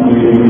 Amen.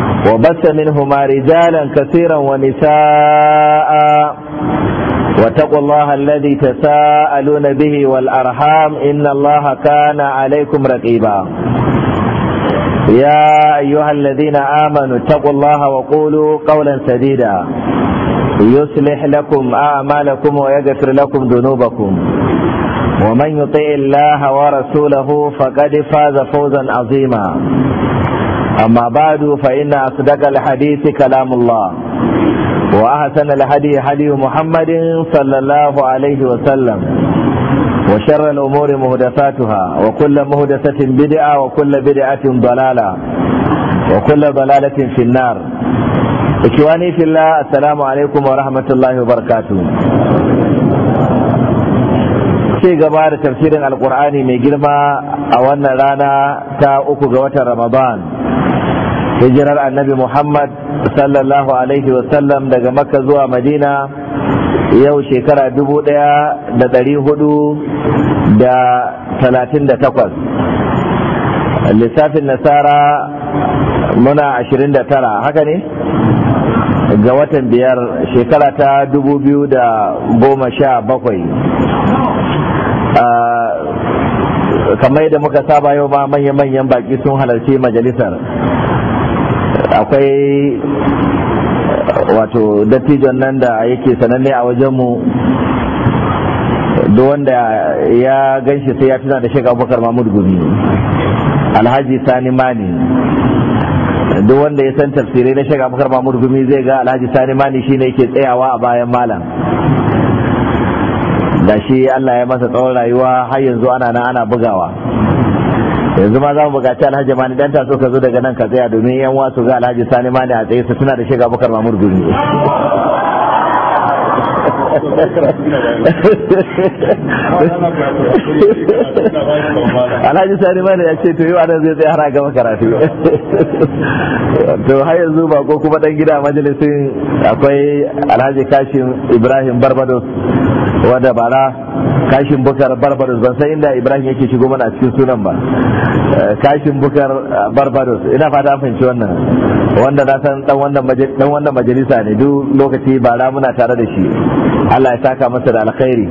وبث منهما رجالا كثيرا ونساء واتقوا الله الذي تساءلون به والأرحام إن الله كان عليكم رقيبا يا أيها الذين آمنوا اتقوا الله وقولوا قولا سديدا يصلح لكم أعمالكم ويغفر لكم ذنوبكم ومن يطيع الله ورسوله فقد فاز فوزا عظيما أما بعد فإن أصدق الحديث كلام الله وأحسن الهدي هدي محمد صلى الله عليه وسلم وشر الأمور مهدفاتها وكل مهدفة بدعة وكل بدعة ضلالة وكل ضلالة في النار إخواني في الله السلام عليكم ورحمة الله وبركاته sai gaba da tafsirin alkur'ani mai girma a wannan rana ta uku ga watan ramadan hijirar annabi muhammad sallallahu alaihi wasallam daga makka zuwa madina yau shekara dubu daya da dari hudu da talatin da takwas lissafin nasara muna ashirin da tara haka ne ga watan biyar shekara ta dubu biyu da goma sha bakwai kamar yadda muka saba yau ma manya-manyan baki sun halarci majalisar akwai eh, wato dattijon nan da yake sananne a wajenmu duk wanda ya gan shi sai ya tuna da shek abubakar mahmud gumi alhaji sani mani duk wanda ya san tafsirai na shek abubakar mahmud gumi zai ga alhaji sani mani shine yake tsayawa a bayan malam da shi allah ya masa tsawon rayuwa har yanzu ana nan ana bugawa yanzu ma za mu buƙaci alhaji mani dan taso ka zo daga nan ka tsaya domin yan wasu ga alhaji sani mani a tsaye su suna da shiga bakar mamur guri alhaji sani mani ya ce to wa anan zai tsaya har a gama karatu to har yanzu ba ko kuma dan gida majalisin akwai alhaji kashin ibrahim barbados wadda na kashin bukar barbaros ban san inda ibrahim yake shigo mana a cikin sunan ba eh, kashin bukar eh, barbaros ina fata fahimci wannan wanda na san dan wannan majalisa ne duk lokaci ba na muna tare da shi allah ya saka masa da alkhairi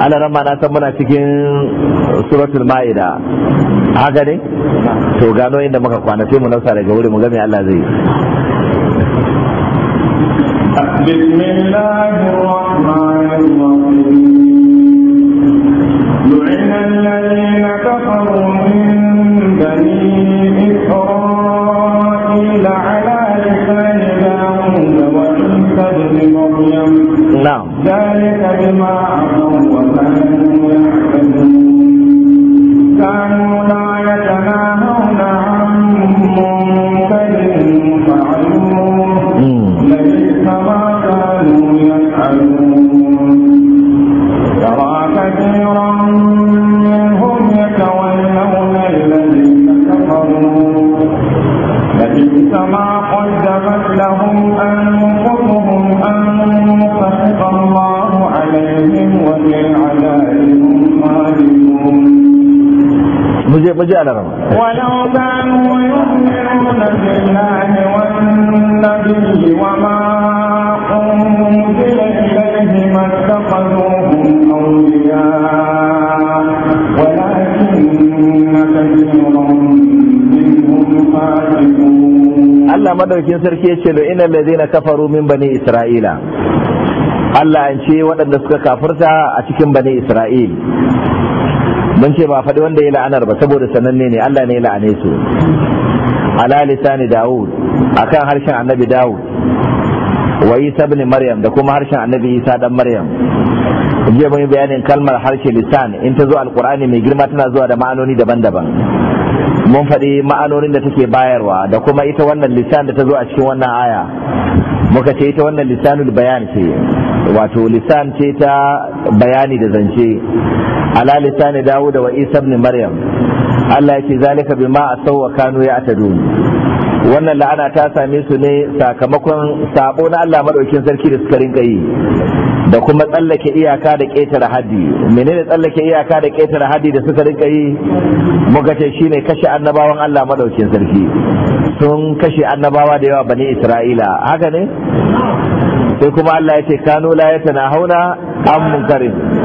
ana nan ma na san muna cikin suratul ma'ida haka ne to gano inda muka kwana sai mu nausa daga wuri mu ga me allah zai بسم الله الرحمن الغافلين لعن الذين كفروا ba ji a nan. Allah madaukin sarki ce da ina mai zai na kafaru min bane Isra'ila. Allah an ce waɗanda suka kafarta a cikin bane Isra'il. mun ce ba faɗi wanda ya la'anar ba saboda sananne ne Allah ne ya la'ane su ala lisani Dawud akan harshen annabi daud wa Isa Maryam da kuma harshen annabi Isa dan Maryam jiya mun yi bayanin kalmar harshe lisan in ta zo alqur'ani mai girma tana zuwa da ma'anoni daban-daban mun faɗi ma'anonin da take bayarwa da kuma ita wannan lisan da ta zo a cikin wannan aya muka ce ita wannan lisanul bayan ce wato lisan ce ta bayani da zance ala lisani Dawuda, wa isa ibn maryam Allah yake zalika bima asaw wa ya ya'tadun wannan la'ana ta same su ne sakamakon sabo na Allah madaukin sarki da suka rinka yi da kuma tsallake iyaka da ƙetare haddi menene tsallake iyaka da ƙetare haddi da suka rinka yi muka ce shine kashe annabawan Allah madaukin sarki sun kashe annabawa da yawa bani Isra'ila haka ne sai kuma Allah ya ce kanu la yatana hauna amun munkarin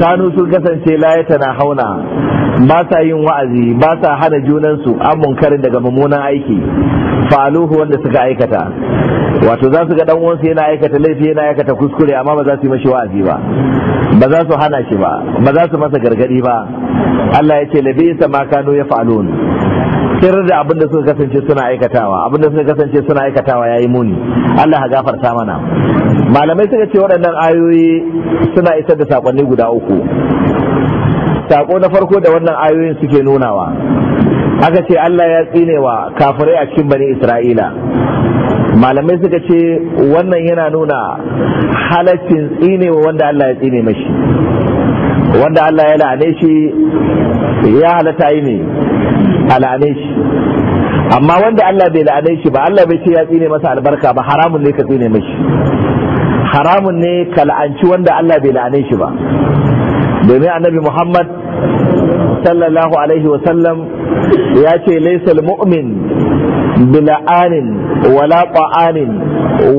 kanu sun kasance عن منكر فعلوه لبئس ba sa yin wa'azi ba sa hana junansu an munkarin daga mummunan aiki faluhu wanda suka aikata wato za su ga dan uwansu yana aikata laifi yana aikata kuskure amma ba za su yi mashi wa'azi ba ba za su hana shi ba ba za su masa gargadi ba Allah ya ce labisa ma kanu ya fa'alun sirar da abin da suka kasance suna aikatawa abin suka kasance suna aikatawa ya yi muni Allah ya gafarta mana malamai suka ce waɗannan ayoyi suna isar da sakonni guda uku saƙo na farko da wannan ayoyin suke nunawa aka ce Allah ya tsinewa kafirai a cikin bani Isra'ila malamai suka ce wannan yana nuna halaccin tsinewa wanda Allah ya tsine mashi wanda Allah ya la'ane shi ya halatta yi ne a la'ane shi amma wanda Allah bai la'ane shi ba Allah bai ce ya tsine masa albarka ba haramun ne ka tsine mashi haramun ne ka la'anci wanda Allah bai la'ane shi ba domin annabi Muhammad sallallahu alaihi sallam ya ce laisal mu'min bila'anin wala ƙwa'anin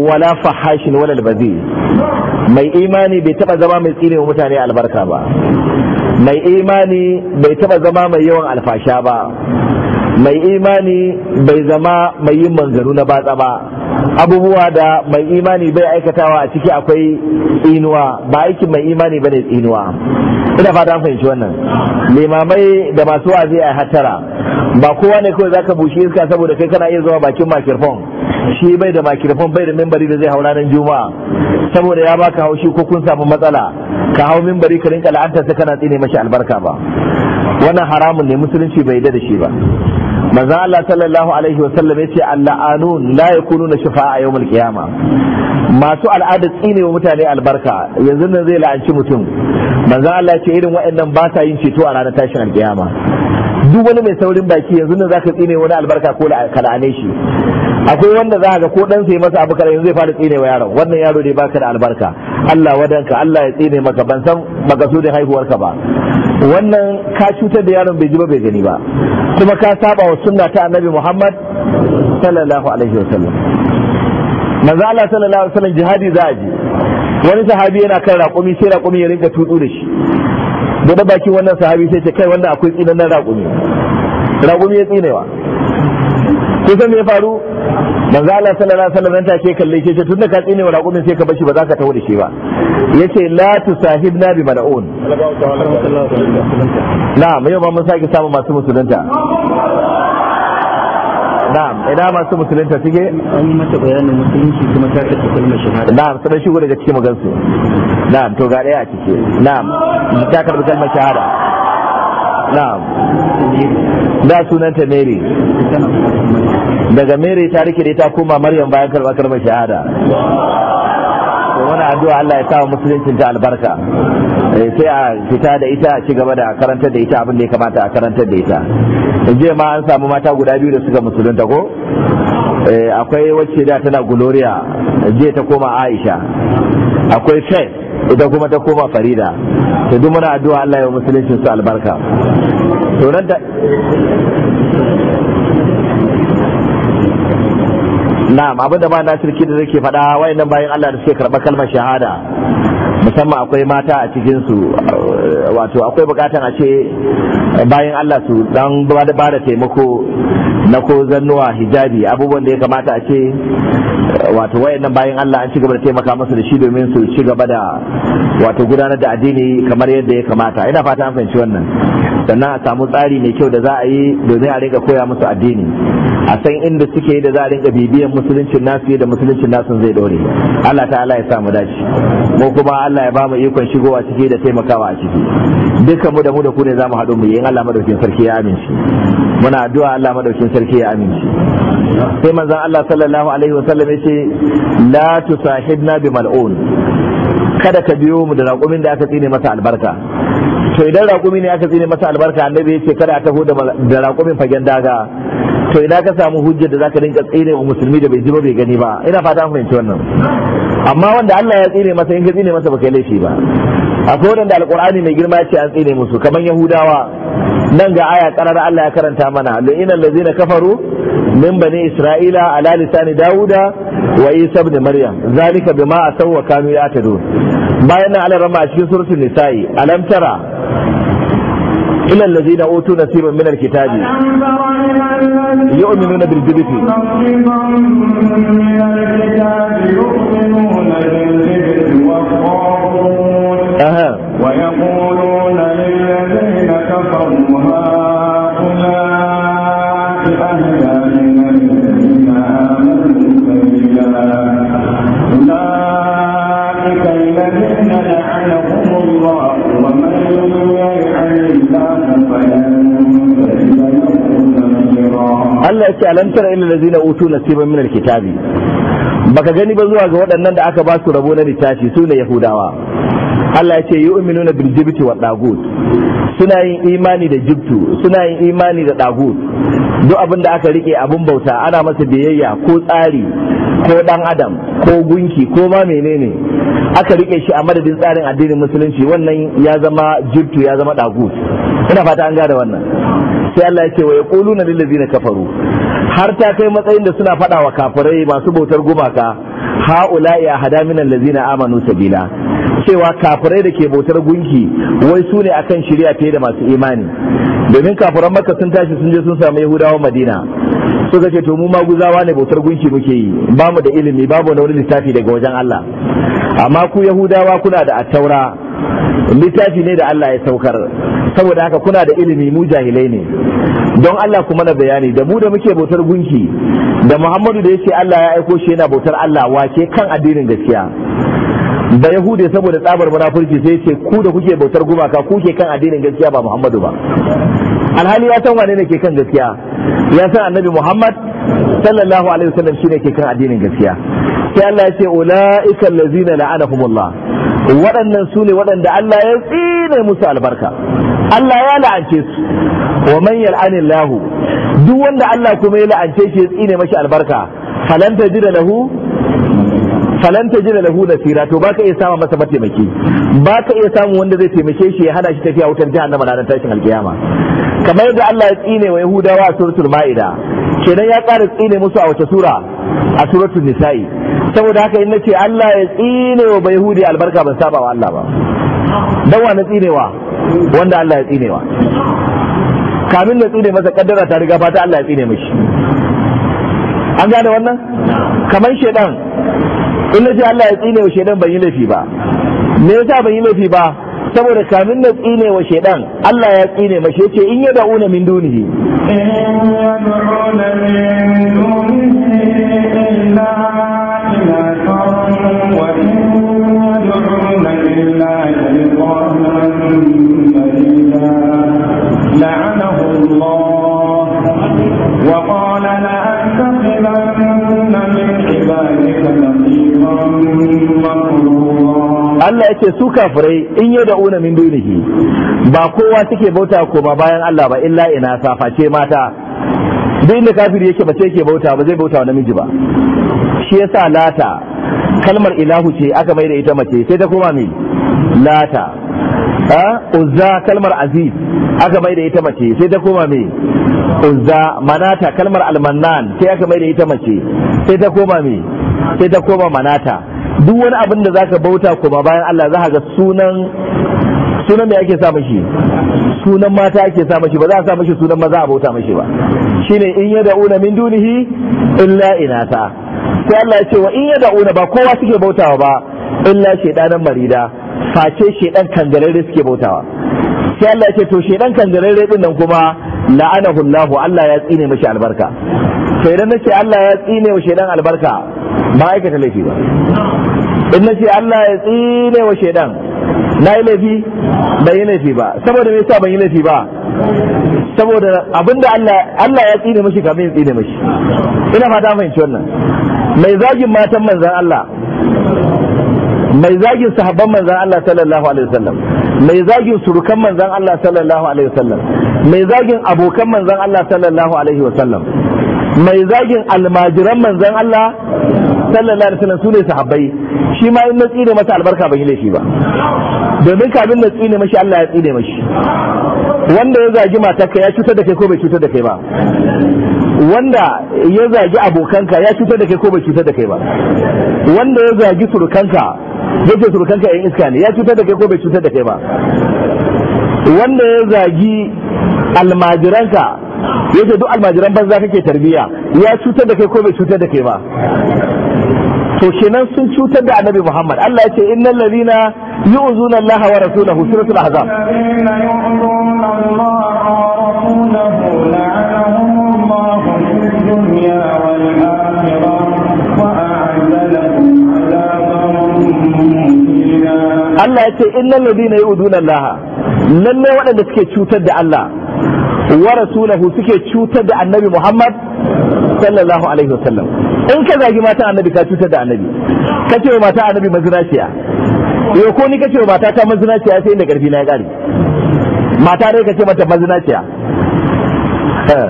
wala fahashin wala albazi mai imani bai taba zama mai tsine wa mutane albarka ba mai imani bai taba zama mai yawan alfasha ba mai imani bai zama mai yin manzaru na batsa ba abubuwa da mai imani bai aikatawa a ciki akwai inuwa ba aikin mai imani ba ne inuwa ina fata an fahimci wannan limamai da masu wazi a hatara ba kowa ne kawai zaka bushe iska saboda kai kana iya zama bakin makirfon shi bai da makirfon bai da membari da zai haura nan juma'a saboda ya baka haushi ko kun samu matsala ka hau mimbari ka rinka la'anta ta kana tsine mashi albarka ba wannan haramun ne musulunci bai da shi ba manzo Allah sallallahu alaihi wa sallam yace alla'anun la yakununa a yawmal qiyama masu al'ada tsine wa mutane albarka yanzu nan zai la'anci mutum manzo Allah ce irin waɗannan ba sa yin ceto a ranar tashin alkiyama duk wani mai saurin baki yanzu nan zaka tsine wani albarka ko kalane shi akwai wanda za ga ko dan sai masa abu kare yanzu zai fara tsine wa yaron wannan yaro dai baka da albarka Allah wadanka Allah ya tsine maka ban san makasudin haihuwarka ba wannan ka cutar da yaron bai ji ba bai gani ba kuma ka saba wa sunna ta annabi Muhammad sallallahu alaihi wasallam manzo Allah sallallahu alaihi wasallam jihadi za a ji wani sahabi yana kan raƙumi sai raƙumi ya rinka tudu da shi da bakin wannan sahabi sai ce kai wanda akwai nan raƙumi raƙumi ya tsinewa kusan me ya faru manzo Allah sallallahu alaihi wasallam take kalle shi ce tunda ka tsine wa raƙumin sai ka bar shi, ba za ka tawo da shi ba yace la tusahibna bi mal'un na'am yau ba mun saki samu masu musulunta na'am idan masu musulunta suke an yi mata bayanin musulunci kuma ta kace kalmar shahada na'am sai shi gode da cikin magansu na'am to ga daya a ciki na'am ta karbi kalmar shahada na'am da sunanta mary daga mary ta rike ta koma maryam bayan karba kalmar shahada to wani addu'a Allah ya sa musulunci ta albarka eh, sai a fita da ita a ci gaba da karantar da ita abin da ya kamata a karantar da ita je ma an samu mata guda biyu da suka musulunta ko eh, akwai wacce da tana gloria je ta koma aisha akwai faith ita kuma ta koma farida to duk muna addu'a Allah ya musulunci su albarka to nan da na'am abinda ba na shirki da zake faɗa wayannan bayan Allah da suke karɓa kalmar shahada musamman akwai mata a cikin su wato akwai bukatan a ce bayan Allah su dan ba da taimako na ko zannuwa hijabi abubuwan da ya kamata a ce eh, wato wayannan bayan Allah an ci gaba da taimaka masa da shi domin su ci gaba da wato gudanar da addini kamar yadda ya kamata ina fata an fahimci wannan sannan a samu tsari mai kyau da za a yi domin a rinka koya musu addini a san inda suke da za a rinka bibiyan musuluncin nasu da musuluncin nasu zai dore Allah Allah ya mu dace mu kuma Allah ya mu ikon shigowa ciki da taimakawa a ciki dukkan mu da mu da ku ne mu haɗu mu yi in Allah madaukin sarki ya amince muna addu'a Allah madaukin sarki sarki ya amince sai manzon Allah sallallahu alaihi wasallam yace la tusahibna bi mal'un kada ka biyo mu da raƙumin da aka tsine masa albarka to idan raƙumi ne aka tsine masa albarka annabi yace kada a taho da raƙumin fagen daga to ina ka samu hujjar da zaka rinka tsine wa musulmi da bai ji ba bai gani ba ina fata an fahimci wannan amma wanda Allah ya tsine masa in ka tsine masa baka laifi ba akwai wanda alqur'ani mai girma ce an tsine musu kamar yahudawa nan ga aya karar Allah ya karanta mana lu'ina allazina kafaru min bani isra'ila ala lisani dauda wa isa ibn maryam zalika bima asaw wa kanu ya'tadun bayan nan Allah a cikin suratul nisa'i alam tara إلا الذين أوتوا نصيبا من الكتاب يؤمنون بالجبت يؤمنون بالجبت Allah ya ce alam tara ilal utu nasiban min alkitabi baka gani ba zuwa ga waɗannan da aka ba su rabo na littafi su ne yahudawa Allah ya ce yu'minuna bil jibti wa dagut suna yin imani da jibtu suna yin imani da dagut duk abin da aka rike abin bauta ana masa biyayya ko tsari ko dan adam ko gunki ko ma menene aka rike shi a madadin tsarin addinin musulunci wannan ya zama jirtu ya zama dagu ina fata an gada wannan sai Allah ya ce wa yaquluna lil ladzina kafaru har ta kai matsayin da suna faɗawa wa kafirai masu bautar gumaka haula a hada minan allazina amanu sabila cewa kafirai da ke bautar gunki wai su ne akan shirya fiye da masu imani domin kafiran maka sun tashi sun je sun samu yahudawa madina suka ce to mu maguzawa ne bautar gunki muke yi ba mu da ilimi babu wani littafi daga wajen Allah amma ku yahudawa kuna da attaura littafi ne da Allah ya saukar saboda haka kuna da ilimi mu jahilai ne don Allah kuma na bayani da mu da muke bautar gunki da Muhammadu da yake Allah ya aiko shi yana bautar Allah wace kan addinin gaskiya da Yahude saboda tsabar munafurci sai ce ku da kuke bautar gumaka kuke kan addinin gaskiya ba Muhammadu ba alhali ya san wane ne ke kan gaskiya ya san annabi Muhammad sallallahu alaihi wasallam shine ke kan addinin gaskiya sai Allah ya ce ulaika allazina la'anahumullah waɗannan su ne waɗanda Allah ya tsine musu albarka Allah ya la'ance su wa man yal'anillahu duk wanda Allah kuma ya la'ance shi ya tsine mashi albarka falan da lahu falan ta jina lahu sira to baka iya samu masa mataimaki baka iya samu wanda zai taimake shi ya hana shi tafiya wutar jahannama ranar tashin alkiyama kamar yadda Allah ya tsine wa Yahudawa a suratul Ma'ida kenan ya ƙara tsine musu a wace sura a suratul Nisa'i saboda haka in nace Allah ya tsine wa bai Yahudi albarka ban saba wa Allah ba dan wa na tsinewa wanda Allah ya tsinewa kamin na tsine masa kaddara ta riga fata Allah ya tsine mishi an gane wannan kamar shedan in na ce Allah ya tsine wa shaidan ban yi laifi ba me yasa ban yi laifi ba saboda kamin na tsine wa shaidan Allah ya tsine shi yace in ya una min dunihi لعنه الله Allah ya ce su kafirai in yau da una min dunihi ba kowa suke bauta koma bayan Allah ba illa ina saface mata duk inda kafiri yake ce yake bauta ba zai bauta wa namiji ba shi yasa lata kalmar ilahu ce aka mai da ita mace sai ta koma mai lata uzza kalmar aziz aka mai da ita mace sai ta koma mai uzza manata kalmar almannan sai aka mai da ita mace sai ta koma mai sai ta koma manata duk wani abin da zaka bauta kuma bayan Allah za ga sunan sunan me ake sa mashi sunan mata ake sa mashi ba za a sa mashi sunan maza a bauta mashi ba shine in da'una min dunihi illa inata sai Allah ya ce wa in da'una ba kowa suke bautawa ba illa shedanan marida face shedan kangararre suke bautawa sai Allah ya ce to shedan kangararre din nan kuma la'anahu Allah Allah ya tsine mashi albarka sai dan nace Allah ya tsine wa shedan albarka ba aikata laifi ba in na ce Allah ya tsine wa shaidan na yi laifi ban yi laifi ba saboda me yasa ban yi laifi ba saboda abinda Allah Allah ya tsine mashi kamar ya tsine mashi ina fata fahimci wannan mai zagin matan manzan Allah mai zagin sahabban manzan Allah sallallahu alaihi wasallam mai zagin surukan manzan Allah sallallahu alaihi wasallam mai zagin abokan manzan Allah sallallahu alaihi wasallam mai zagin almajiran manzan Allah sallallahu alaihi wasallam sune sahabbai shi ma in natsi ne masa albarka ban yi laifi ba domin bin na tsine mashi Allah ya tsine mashi wanda ya zagi matarka ya cutar da kai ko bai cutar da kai ba wanda ya zagi abokanka ya cutar da kai ko bai cutar da kai ba wanda ya zagi surukanka yake surukanka yan iska ne ya cutar da kai ko bai cutar da kai ba wanda ya zagi almajiranka ya ce duk almajiran banza kake tarbiya ya cutar da kai ko bai cutar da kai ba to kenan sun cutar da annabi muhammad allah ya ce innal ladina yu'zuna allaha wa rasulahu suratul ahzab innal Allah ya ce innal ladina yu'duna Allah lalle waɗanda suke cutar da Allah wa rasulahu suke cutar da annabi Muhammad sallallahu alaihi wasallam in ka zagi mata annabi ka cutar da annabi ka ce mata annabi mazinaciya yau ko ni ka ce mata ta mazinaciya sai inda karfi na ya gari mata dai ka ce mata mazinaciya eh,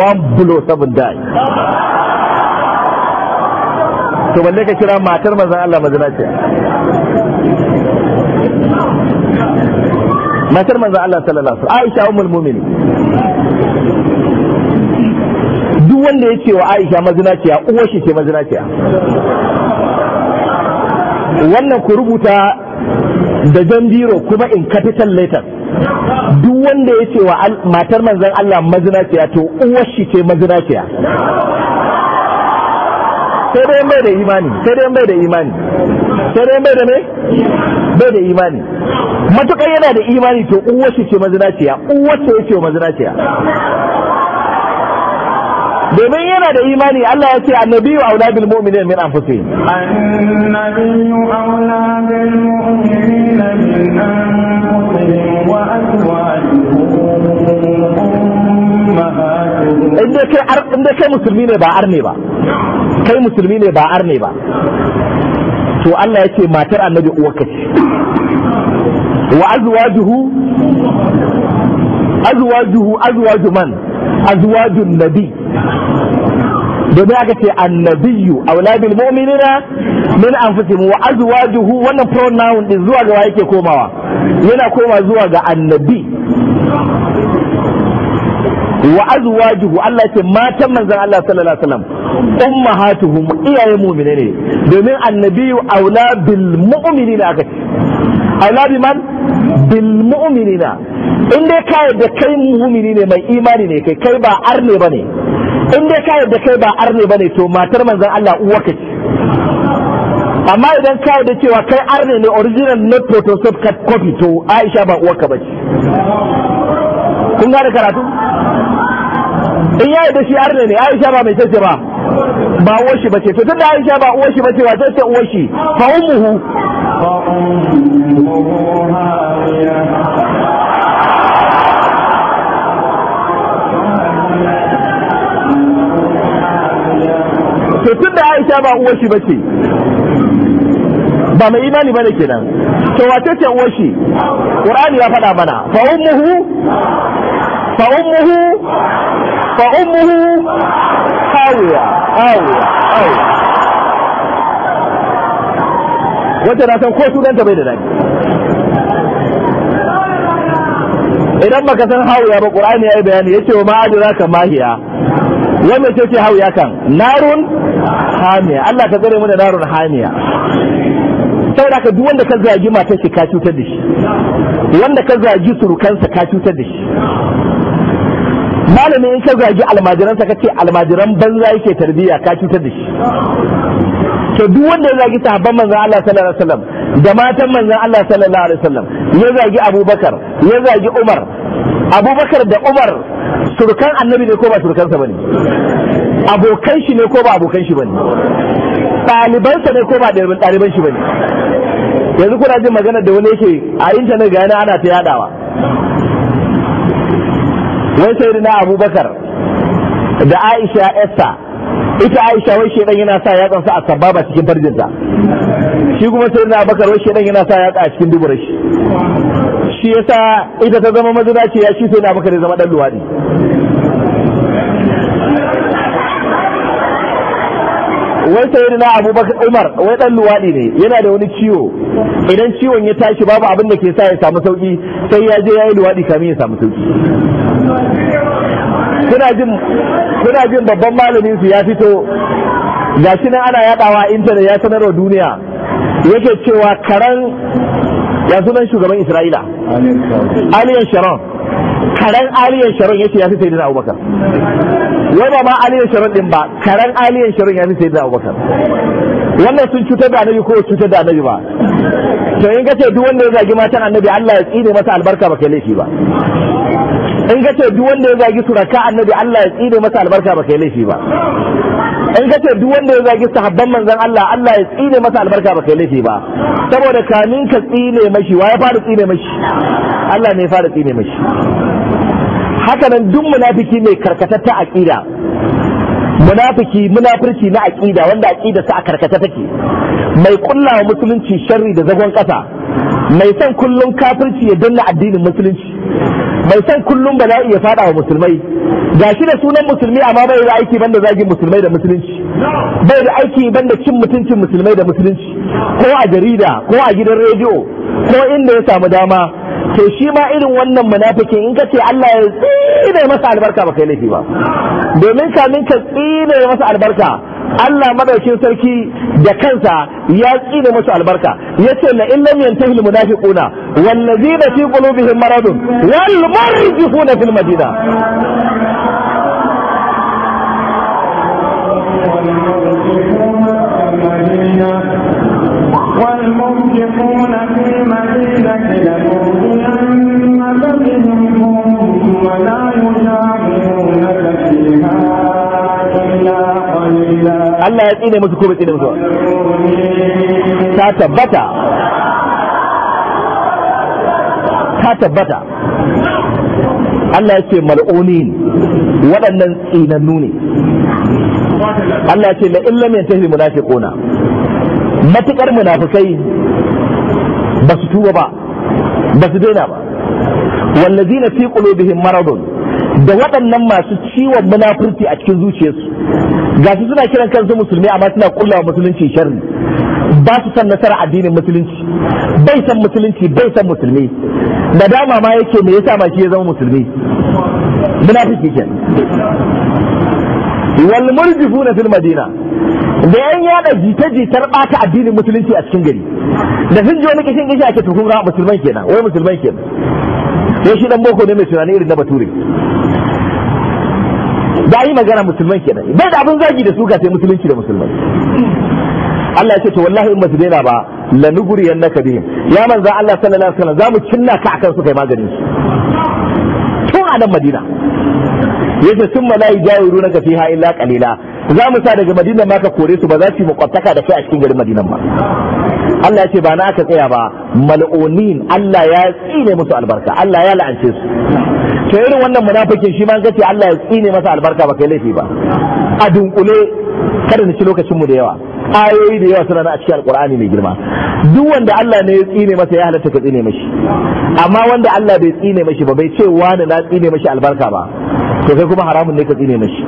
one blow seven die to balle ka kira matar manzan Allah mazinaciya matar manzan Allah sallallahu alaihi wasallam Aisha ummul mu'minin duk wanda ya ce wa Aisha mazinaciya uwar shi ce mazinaciya wannan ku rubuta da jan biro kuma in capital letter duk wanda ya ce wa matar manzan Allah mazinaciya to uwar shi ce mazinaciya sai dai bai da imani sai dai bai da imani sai dai bai da me bai da imani matuƙa yana da imani to uwarsa ce mazinaciya uwarsa ce mazinaciya domin yana da imani Allah ya ce annabi wa auladul mu'minin min anfusihim annabi wa auladul mu'minin min anfusihim wa azwajihim in dai kai musulmi ne ba arne ba kai musulmi ne ba arne ba to Allah ya ce matar annabi uwarka ce wa azwajuhu azwajuhu azwaju man azwajun nabi domin aka ce annabiyu aula bil mu'minina min anfusihim wa azwajuhu wannan pronoun din zuwa ga yake komawa yana koma zuwa ga annabi wa azwajuhu Allah ya ce matan manzon Allah sallallahu alaihi wasallam ummahatuhum iyaye mu'mine ne domin annabi aula bil mu'minina aka ce aula bi man bil mu'minina in dai ka kai mu'mini ne mai imani ne kai kai ba arne bane in dai ka yarda kai ba arne bane to matar manzon Allah uwa ce amma idan ka da cewa kai arne ne original not photoshopped copy to Aisha ba ka bace kun gane karatu in ya yadda shi arne ne aisha ba mai tace ba ba uwar shi bace to tunda aisha ba uwar shi bace ba tace uwar shi fa ummuhu to tunda aisha ba uwar shi bace ba mai imani bane kenan to wace ce uwar shi qur'ani ya faɗa mana fa ummuhu فأمه فأمه حاوية حاوية حاوية wacce na san ko don bai da daji idan baka san hawiya ba ya yi bayani ya ce wa ma'adura ka mahiya wanda ce ce hawiya kan narun hamiya Allah ka zare mu da narun hamiya saboda ka duk wanda ka zagi matar shi ka cutar da shi wanda ka zagi surukansa ka cutar da shi malamin ya zagi almajiransa ka ce almajiran banza yake tarbiyya ka cutar da shi to duk wanda ya zagi sahabban manzon Allah sallallahu alaihi wasallam da matan manzon Allah sallallahu alaihi wasallam ya zagi Abubakar ya zagi Umar Abubakar da Umar surukan annabi ne ko ba surukansa bane abokan shi ne ko ba abokan shi bane ɗalibansa ne ko ba ɗaliban shi bane yanzu kuna jin magana da wani yake a intanet ga yana ana ta yadawa wai sai na Bakar da aisha esta ita aisha wai shedan yana sa yatsansa a sababa cikin farjinta shi kuma sai na Bakar wai shedan yana sa yatsa a cikin dubura shi shi yasa ita ta zama ya shi sai na Bakar ya zama dan luwadi wai sai na abubakar umar wai dan luwaɗi ne yana da wani ciwo idan ciwon ya tashi babu abin da ke sa ya samu sauki sai ya je ya yi luwaɗi kamin ya samu sauki kuna jin babban malamin su ya fito gashi nan ana yadawa intanet ya sanarwa duniya yake cewa karan ya sunan shugaban isra'ila aliyan sharon karan aliyan sharon yace ya fi sayyidina abubakar wai ba ma aliyan sharon din ba karan aliyan sharon ya fi sayyidina abubakar wannan sun cutar da annabi ko cutar da annabi ba to in kace duk wanda ya zagi matan annabi Allah ya tsine masa albarka ba kai laifi ba in kace duk wanda ya zagi suraka annabi Allah ya tsine masa albarka ba kai laifi ba in kace duk wanda ya zagi sahabban manzon Allah Allah ya tsine masa albarka ba kai laifi ba saboda kamin ka tsine mashi wa ya fara tsine mashi Allah ne ya fara tsine mashi haka nan duk munafiki mai karkatatta aqida munafiki munafirci na aqida wanda aqida sa a karkata take mai kulla wa musulunci sharri da zagon kasa mai son kullum kafirci ya danna addinin musulunci mai san kullum bala'i ya fada wa musulmai gashi da sunan musulmi amma bai da aiki banda zagin musulmai da musulunci bai da aiki banda cin mutuncin musulmai da musulunci ko a jarida ko a gidan rediyo ko inda ya samu dama to shi ma irin wannan munafikin in kace Allah ya tsine masa albarka ba kai laifi ba domin kamin ka tsine masa albarka Allah madaukin sarki da kansa ya tsine masa albarka yace la in lam yantahi al munafiquna wal ladina fi qulubihim maradun wal marjifuna fil madina Allah ya tsine musu ko bai tsine musu ta tabbata ta tabbata Allah ya ce mal'onin waɗannan tsinannu ne Allah ya ce la illam yantahi munafiquna matukar munafikai ba su tuba ba ba su daina ba wallazina fi qulubihim maradun da waɗannan masu ciwon munafurci a cikin zuciyarsu ga su suna kiran kansu musulmi amma suna kullawa musulunci sharri ba su san nasara addinin musulunci bai san musulunci bai san musulmi da dama ma yake me yasa ma shi ya zama musulmi munafiki kenan wal murjifuna fil madina da yan yada jita-jitar bata addinin musulunci a cikin gari da sun ji wani kishin kishi ake tukun ga musulman kenan wai musulman kenan sai shi dan boko ne mai tunani irin na bature da yi magana musulman kenan bai da abin zagi da su ga sai musulunci da musulman. Allah ya ce to wallahi in basu daina ba la nuguri yannaka bihim ya manzo Allah sallallahu alaihi wasallam zamu cinna ka akan su kai maganin tun a dan Madina yace summa la yajawirunaka fiha illa qalila za mu sa daga madinan ma ka kore su ba za su yi makwabtaka da kai a cikin garin madinan ba Allah ya ce ba na aka tsaya ba mal'onin Allah ya tsine musu albarka Allah ya la'ance su to irin wannan munafikin shi ma ce Allah ya tsine masa albarka ba kai laifi ba a dunkule kada na ci lokacin mu da yawa ayoyi da yawa suna na a cikin alkur'ani mai girma duk wanda Allah ne ya tsine masa ya halatta ka tsine mashi amma wanda Allah bai tsine mashi ba bai ce wani na tsine mashi albarka ba to sai kuma haramun ne ka tsine mashi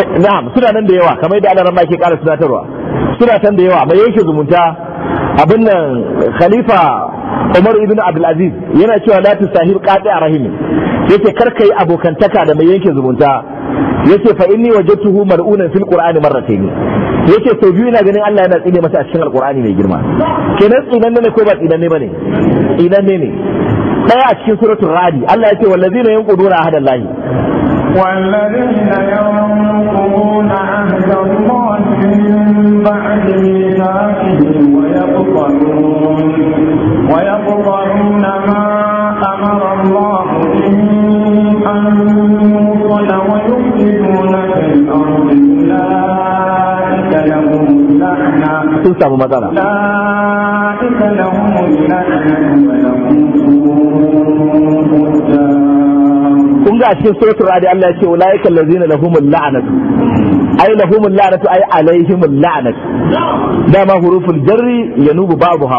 eh, na'am suna nan da yawa kamar yadda Allah ran ke ƙara sunatarwa, suna tan da yawa mai yake zumunta abin nan khalifa Umar ibn Abdul Aziz yana cewa la tusahib qati'a rahimi yace karkai yi abokantaka da mai yanke zumunta yace fa inni wajadtuhu mar'unan fil qur'ani marratayn yace sau biyu ina ganin Allah yana tsine masa a cikin alqur'ani mai girma kenan tsinan ne ko ba tsinan ne bane idan ne ne daya a cikin suratul radi Allah yake wallazina yanquduna ahdallahi والذين ينقضون عهد الله من بعد ميثاقه ويقطعون ويقطعون ما sun samu matsala kun ga cikin suratul radi Allah ya ce ulaika allazina lahumul la'natu ai lahumul la'natu ai alaihimul la'natu dama huruful jarri babu babuha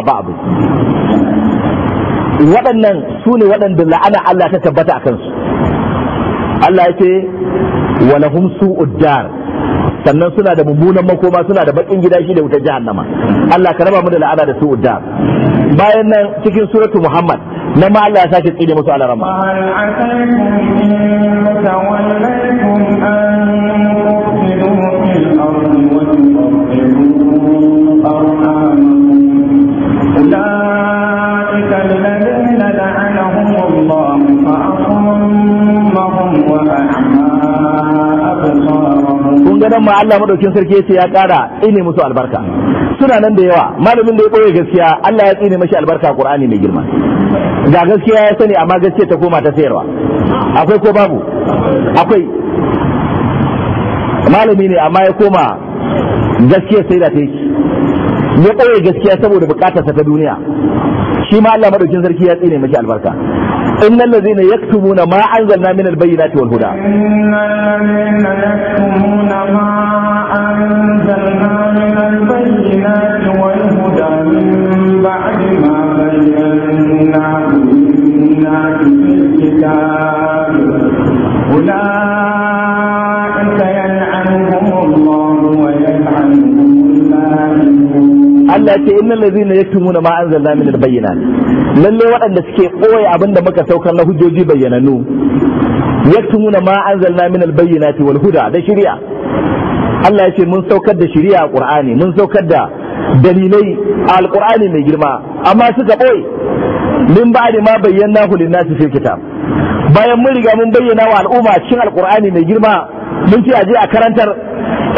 waɗannan su ne waɗanda la'ana Allah ta tabbata a kansu Allah ya ce wa lahum su'ud dar sannan suna da mummunan makoma suna da bakin gida shi da wutar jahannama Allah ka raba mu da la'ana da su'ud da bayan nan cikin suratu Muhammad na ma Allah ya sake tsine musu alarama nan ma Allah madaukin sarki yace ya kara ine musu albarka suna nan da yawa malamin da ya koyi gaskiya Allah ya tsine mashi albarka Qur'ani mai girma ga gaskiya ya sani amma gaskiya ta koma ta sayarwa akwai ko babu akwai malami ne amma ya koma gaskiya sai da ta yi ya koyi gaskiya saboda bukatarsa ta duniya shi ma Allah madaukin sarki ya tsine miki albarka innal ladzina yaktubuna ma anzalna min albayyinati wal huda innal ladzina yaktumuna ma anzalna min albayyinati wal huda min ba'di ma bayyanahu lin-nasi fil kitab Allah ce innal ladzina yaktumuna ma anzalna minal bayyinat lalle waɗanda suke koyi abin da muka saukar na hujjoji bayyananu yaktumuna ma anzalna minal bayyinati wal huda da shari'a Allah ya ce mun saukar da shari'a a Qur'ani mun saukar da dalilai a alƙur'ani mai girma amma suka boye min ba'di ma bayyana hu linnasi fil kitab bayan mun riga mun bayyana wa al'umma cikin alƙur'ani mai girma mun ce aje a karantar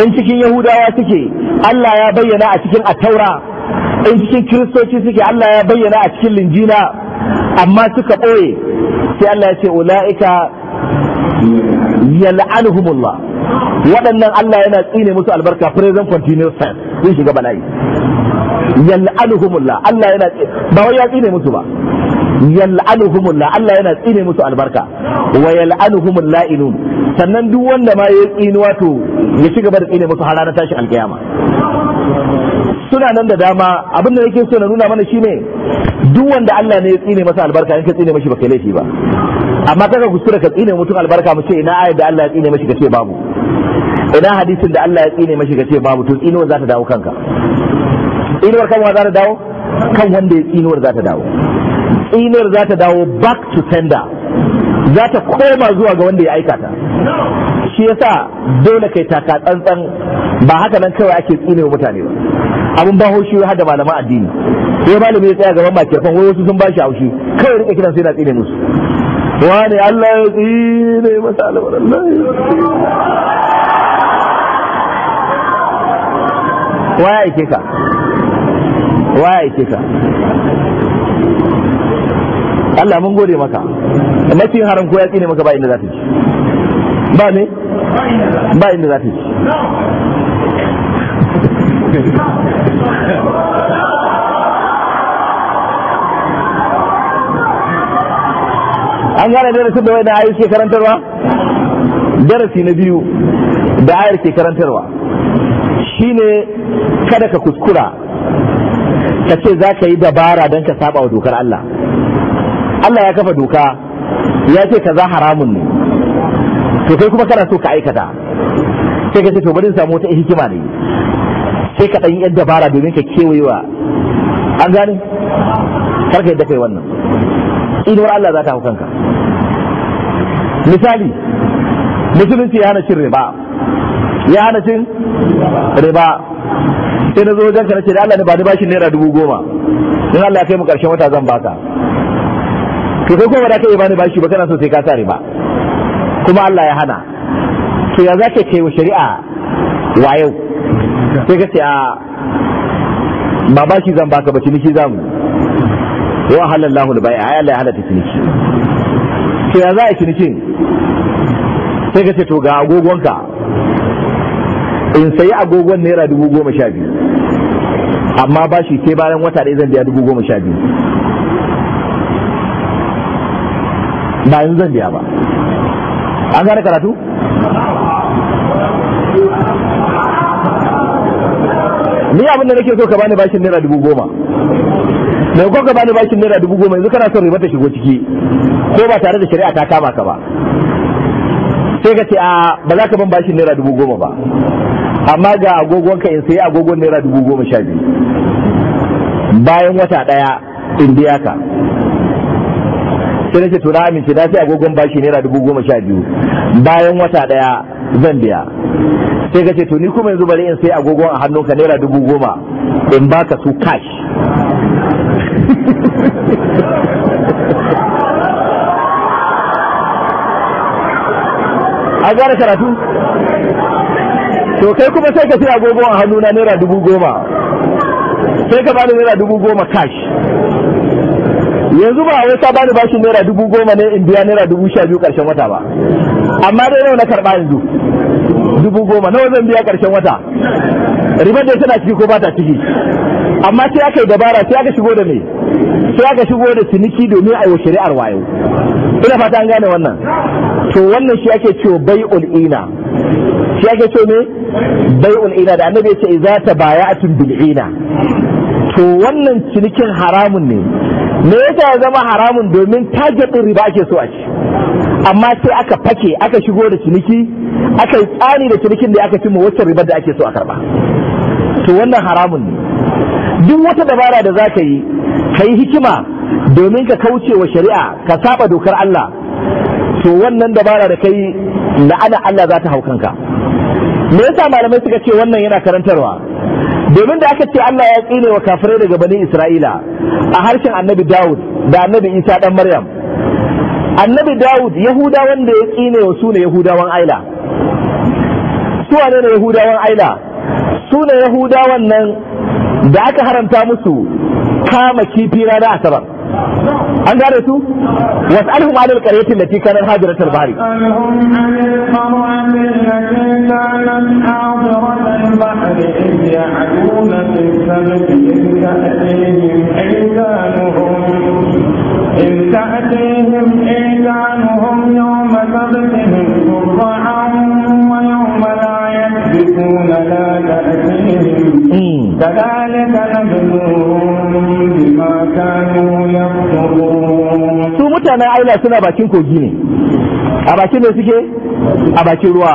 in cikin yahudawa suke Allah ya bayyana a cikin attaura in cikin kiristoci suke Allah ya bayyana a cikin linjina amma suka ɓoye sai Allah ya ce ula'ika yal'anuhumullah waɗannan Allah yana tsine musu albarka present continuous time sun shiga bala'i yal'anuhumullah Allah yana ba wai ya tsine musu ba yal'anuhumullah Allah yana tsine musu albarka wa yal'anuhumul la'inun sannan duk wanda ma ya tsini wato ya ci gaba da tsine musu har ranar tashi alkiyama suna nan da dama abin da yake so na nuna mana shine duk wanda Allah ne ya tsine masa albarka in ka tsine mashi ba kai laifi ba amma kaga kuskure ka tsine mutum albarka mu ce ina ayat da Allah ya tsine mashi kace babu ina hadisin da Allah ya tsine mashi kace babu to tsinewar za ta dawo kanka tsinewar kanwa za ta dawo kan wanda ya tsinewar za ta dawo tsinar za ta dawo back to sender za ta koma zuwa ga wanda ya aikata shi yasa dole kai taka tsantsan ba haka nan kawai ake tsinewa mutane ba abin ba haushi har da malaman addini sai malami ya tsaya gaban makirfan wai wasu sun ba shi haushi kawai rike kiran sai na tsine musu wani Allah ya tsine masa alwar Allah waya ike ka waya ike ka Allah mun gode maka makiyin haram ko ya ne maka ba inda za ta ci ba ne ba inda za ta ci an gane darasin da wai da ayu ke karantarwa darasi na biyu da ayar ke karantarwa shine kada ka kuskura ka ce za ka yi dabara don ka saba wa dokar Allah Allah ya kafa doka ya ce kaza haramun ne to kai kuma kana so ka aikata sai ka ce to bari samu wata hikima ne sai ka ɗan yadda bara domin ka kewayewa an gane karka yadda kai wannan inuwar Allah za ta hau kanka misali musulunci ya hana cin riba ya hana cin riba sai na zo wajen ka ce da Allah ne ba ni bashi naira dubu goma in Allah ya kai mu karshen wata zan baka to sai kuma da ka iya bani bashi ba kana so sai ka sa ba kuma Allah ya hana to ya zaka ce wa shari'a wa yau sai ka ce a ba bashi zan baka ba ciniki zamu wa halallahu bai ai Allah ya halatta ciniki to ya za a cinikin sai ka ce to ga agogonka in sayi agogon naira dubu goma sha biyu amma bashi sai bayan wata ɗaya zan biya dubu goma sha biyu ba yanzu zan biya ba an gane karatu ni abin da nake so ka bani bashin naira dubu goma mai ko ka bani bashin naira dubu goma yanzu kana son riba ta shigo ciki ko ba tare da shari'a ta kama ka ba sai ka ce a ba za ka ban bashin naira dubu goma ba amma ga agogon ka in sayi agogon naira dubu goma sha biyu bayan wata daya in biya ka sai nace to na amince na sai agogon bashi naira dubu goma sha biyu bayan wata daya zan biya sai ka ce to ni kuma yanzu bari in sai agogon a hannunka naira dubu goma in baka su cash a gane karatu to kai kuma sai ka sai agogon a hannuna naira dubu goma sai ka bani naira dubu goma cash yanzu ba wai ka bani bashi naira dubu goma ne in biya naira dubu sha biyu karshen wata ba amma dai nawa na karɓa yanzu dubu goma nawa zan biya karshen wata ribar da tana ciki ko ba ta ciki amma sai aka yi dabara sai aka shigo da me sai aka shigo da ciniki domin a yi shari'ar wayo ina fata an gane wannan to wannan shi ake cewa bai ul’ina. shi ake cewa ne bai ul’ina da annabi ya ce idza tabaya'tum bil bil’ina. to wannan cinikin haramun ne me yasa ya zama haramun domin target din riba ake so a ci amma sai aka fake aka shigo da ciniki aka yi tsani da cinikin da aka cimma wacce ribar da ake so a karba to wannan haramun ne duk wata dabara da za ka yi ka yi hikima domin ka kauce wa shari'a ka saba dokar Allah to wannan dabara da kai la'ana Allah za ta hau kanka me yasa malamai suka ce wannan yana karantarwa domin da aka ce Allah ya tsine wa kafirai daga bani Isra'ila a harshen annabi Dawud da annabi Isa dan Maryam annabi Dawud Yahudawan da ya tsine wa su ne Yahudawan Aila su ne ne Yahudawan Aila su ne Yahudawan nan da aka haramta musu kama kifi rana asabar an gane su was'alhum anil qaryatin lati kanat hajiratul bahri إذ تأتيهم إيجانهم يوم سبتهم شرعا يحدثون لا تأتيهم كذلك نبلوهم بما كانوا يكفرون su mutanen aila suna bakin kogi ne a bakin da suke a bakin ruwa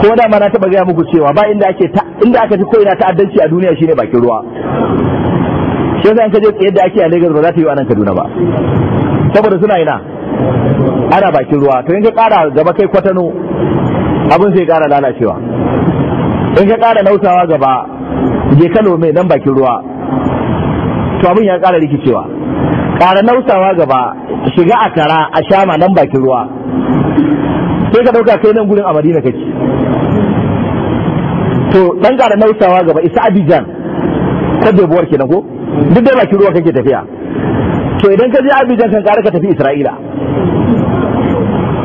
ko da ma na taba gaya muku cewa ba inda ake inda aka ko ina ta'addanci a duniya shine bakin ruwa shi yasa in kaje tsaye da ake a Lagos ba za ta yi a nan Kaduna ba saboda suna ina ana bakin ruwa to in ka kara gaba kai kwatano abin sai kara lalacewa in ka kara lautawa gaba je kano mai nan bakin ruwa to abin ya kara rikicewa kara lautawa gaba shiga a tara a shama nan bakin ruwa sai ka dauka kai nan gurin a madina kake to dan kara lautawa gaba isa abijan ta debuwar kenan ko duk dai bakin ruwa kake tafiya to idan ka je abijan kan kara ka tafi isra'ila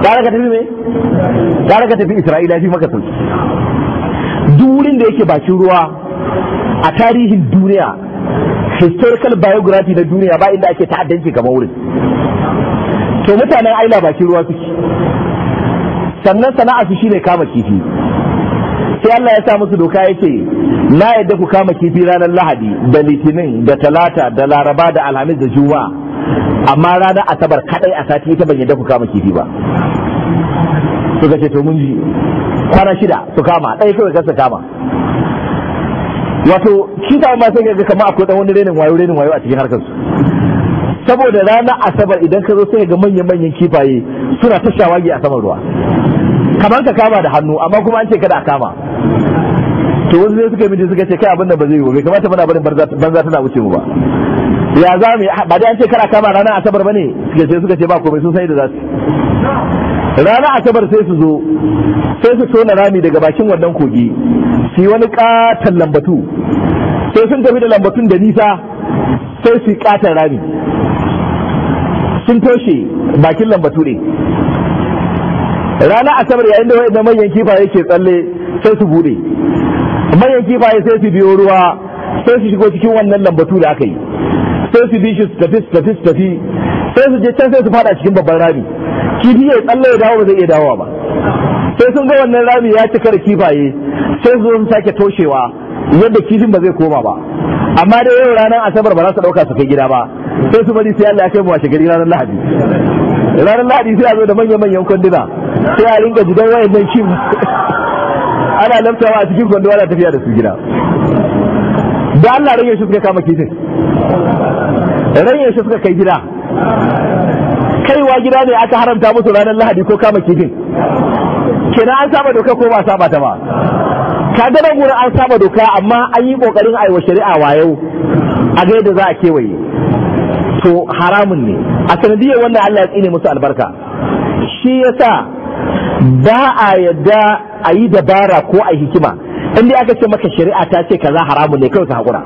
gara ka tafi me gara ka maka sauki duk da yake bakin ruwa a tarihin duniya historical biography na duniya ba inda ake ta'addanci ga wurin to mutanen aila bakin ruwa suke sannan sana'a su shine kama kifi sai Allah ya sa musu doka yake na yadda ku kama kifi ranar lahadi da litinin da talata da laraba da alhamis da juma'a amma ranar asabar kadai a sati ita ban yadda ku kama kifi ba suka ce to mun ji kwana shida su kama ɗaya kawai kasa kama wato ta ma sai ga kamar akwai dan wani renin wayo renin wayo a cikin harkar su saboda ranar asabar idan ka zo sai ga manyan manyan kifaye suna ta shawagi a saman ruwa kamar ka kama da hannu amma kuma an ce kada a kama to wasu ne suka yi miji suka ce kai abin da ba zai yi ba bai kamata muna barin banza tana wuce mu ba ya za mu ah, ba dai an ce kara kama ranar asabar bane suka ce suka ce ba komai sun sai da za su ranar asabar sai su zo sai su tona rami daga bakin wannan kogi su yi wani katon lambatu sai sun tafi da lambatun da nisa sai su yi katon rami sun toshe bakin lambatu ne ranar asabar yayin da wa'in manyan kifaye ke tsalle sai su bude manyan kifaye sai su biyo ruwa sai su shigo cikin wannan lambatu da aka yi sai su bi shi su tafi su tafi su tafi sai su je can sai su fada cikin babban rami kifi ya tsalle ya dawo ba zai iya dawo ba sai sun ga wannan rami ya cika da kifaye sai su zo sake toshewa yadda kifin ba zai koma ba amma da yau ranar asabar ba za su dauka su kai gida ba sai su bari sai Allah ya kai mu a gari ranar lahadi ranar lahadi sai a zo da manya-manyan kwanduna sai a rinka jidan wayannan nan shi ana lamtawa a cikin kwanduna ana tafiya da su gida da Allah rage shi suka kama kifin rage shi suka kai gida kaiwa gida ne aka haramta musu ranar lahadi ko kama kifin kina an saba doka ko ba saba ta ba ka daba gura an saba doka amma an yi kokarin aiwa shari'a wayo a ga yadda za a kewaye to haramun ne a sanadiyar wannan Allah ya tsine musu albarka shi yasa ba a yadda a yi dabara ko a hikima in aka ce maka shari'a ta ce kaza haramu ne kawai ka hakura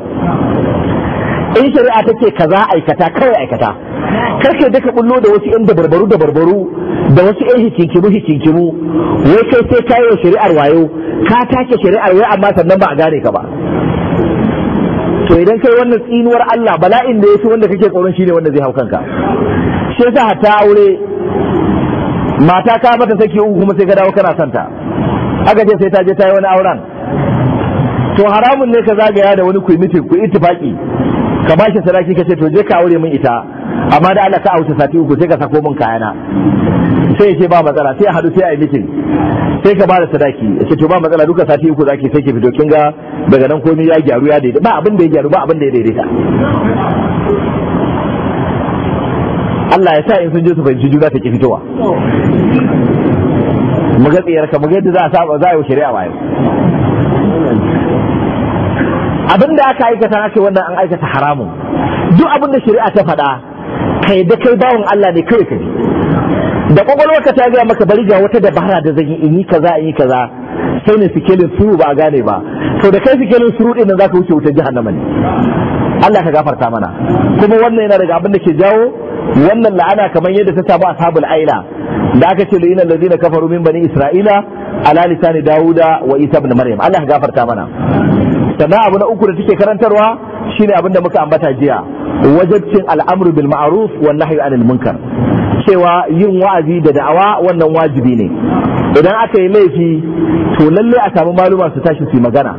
in shari'a ta ce kaza aikata kawai aikata karka da ka bullo da wasu yan dabarbaru dabarbaru da wasu yan hikinkimu hikinkimu wai kai sai ka yi shari'ar wayo ka take shari'ar wayo amma sannan ba a gane ka ba to idan kai wannan tsinuwar Allah bala'in da yake wanda kake tsoron shine wanda zai hau kanka shi yasa hatta aure mata ka mata saki uku kuma sai ka dawo kana santa aka ce sai ta je ta yi wani auren to haramun ne ka zagaya da wani kuyi mitin ku ittifaki ka bashi sadaki ka ce to je ka aure min ita amma da Allah ka auta sati uku sai ka sako min kayana sai ya ce ba matsala sai a hadu sai a yi mitin sai ka bada sadaki ya ce to ba matsala duka sati uku zaki sai ki fito kin ga daga nan komai ya gyaru ya daidaita ba abin da ya gyaru ba abin da ya daidaita Allah ya sa in sun je su fahimci juna ta ki fitowa mu ga mu ga yadda za a saba za a yi shari'a wayo abin aka aikata ake wannan an aikata haramun duk abin da shari'a ta faɗa kai da kai bawan Allah ne kai kai da ka ta gaya maka bari ga wata dabara da zan yi in yi kaza in yi kaza sai ne sikelin suru ba a gane ba to da kai sikelin suru din nan zaka wuce wutar jahannama ne Allah ka gafarta mana kuma wannan yana daga abin da ke jawo wannan la'ana kamar yadda ta samu ashabul aila da aka ce lu'ina allazina kafaru min bani isra'ila ala lisani dawuda wa isa ibn maryam Allah ya gafarta mana sannan abu na uku da take karantarwa shine abin da muka ambata jiya wajabcin al'amru bil ma'ruf wan nahyi anil munkar cewa yin wa'azi da da'awa wannan wajibi ne idan aka yi laifi to lalle a samu maluma su tashi su magana